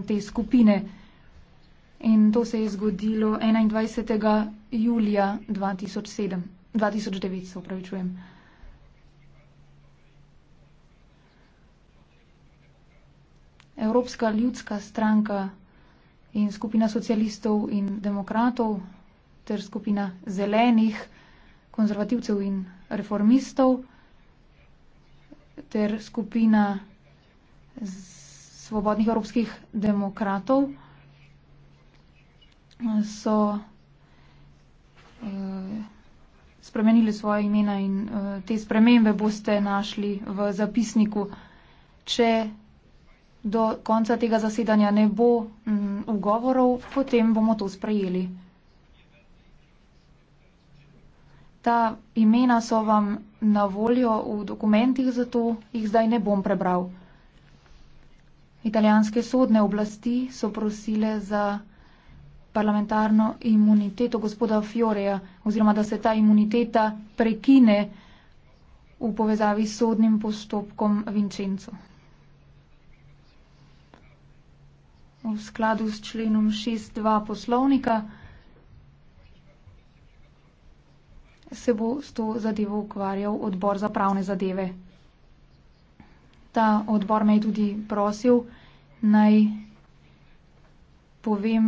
te skupine. In to se je zgodilo 21. julija 2007, 2009, se upravičujem. Evropska ljudska stranka in skupina socialistov in demokratov ter skupina zelenih, konzervativcev in reformistov ter skupina z svobodnih evropskih demokratov so uh, spremenili svoje imena in uh, te spremembe boste našli v zapisniku. Če do konca tega zasedanja ne bo um, ugovorov, potem bomo to sprejeli. Ta imena so vam na voljo v dokumentih, zato jih zdaj ne bom prebral. Italijanske sodne oblasti so prosile za parlamentarno imuniteto gospoda Fioreja oziroma da se ta imuniteta prekine v povezavi s sodnim postopkom Vincenco. V skladu s členom 6.2 poslovnika se bo s to zadevo ukvarjal odbor za pravne zadeve ta odbor me je tudi prosil, naj povem